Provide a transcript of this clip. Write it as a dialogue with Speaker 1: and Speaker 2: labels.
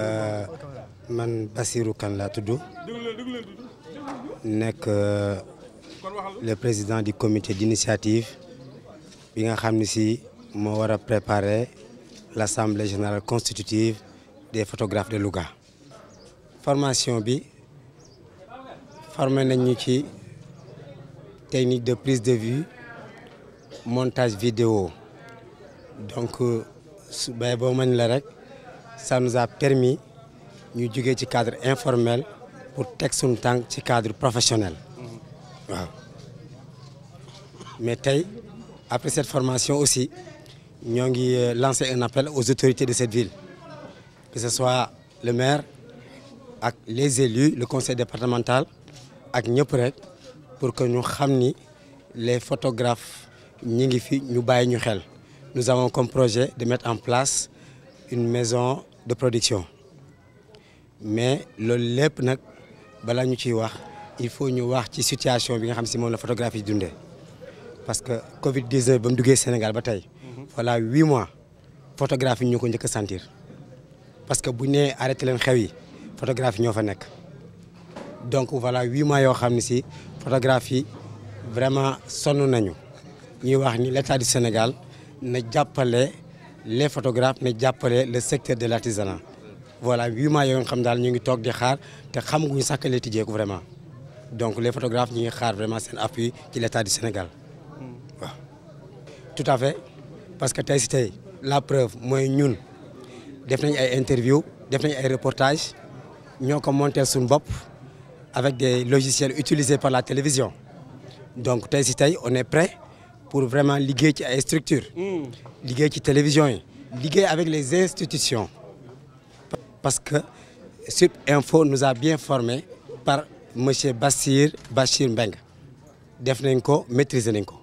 Speaker 1: Euh, man Bassirou kan laa tudd nekk euh, le président du comité d'initiative bi nga xam ne si moo war a préparer l'assemblée générale constitutive des photographes de Louga formation bi formé nañ ñu ci technique de prise de vue montage vidéo donc euh, su bay boo mañ la rek ça nous a permis ñu jugee ci cadre informel pour teg suñu tànk ci cadre professionnel waaw mais tey après cette formation aussi ñoo ngi euh, lancer un appel aux autorités de cette ville que ce soit le maire ak les élus le conseil départemental ak ñëpp rek pour que ñu xam ni les photographes ñi ngi fi ñu bàyyi ñu xel nous avons comme projet de mettre en place une maison de production mais loolu lépp nag balaa ñu ciy wax il faut ñu wax ci situation bi nga xam si moom la photographie dundee parce que Covid 19 ba mu duggee Sénégal ba tey voilà huit mois photographie ñu ko njëkk a sentir parce que bu ne nee arrêté leen xew yi photographie ñoo fa nekk donc voilà huit mois yoo xam ne si photographie vraiment sonn nañu ñuy wax ni l' du Sénégal na jàppale. les photographes mais jàppale le secteur de l' artisanat voilà huit mois yoo nga xam daal ñu ngi toog di xaar te xam xamaguñu sax lay tijjeeku vraiment donc les photographes ñu ngi xaar vraiment seen appui ci l' état du Sénégal hmm. waaw. tout à fait parce que tey si tey la preuve mooy ñun def nañ ay interview def nañ ay reportages ñoo ko monté suñu bopp avec des logiciels utilisés par la télévision donc tey si tey on est prêt. pour vraiment liggéey ci ay structures. Hmm. liggéey ci télévision yi. liggéey avec les institutions. parce que Sup Info nous a bien formés par monsieur Bassir Bachir Mbengue def nañ ko maîtriser nañ ko.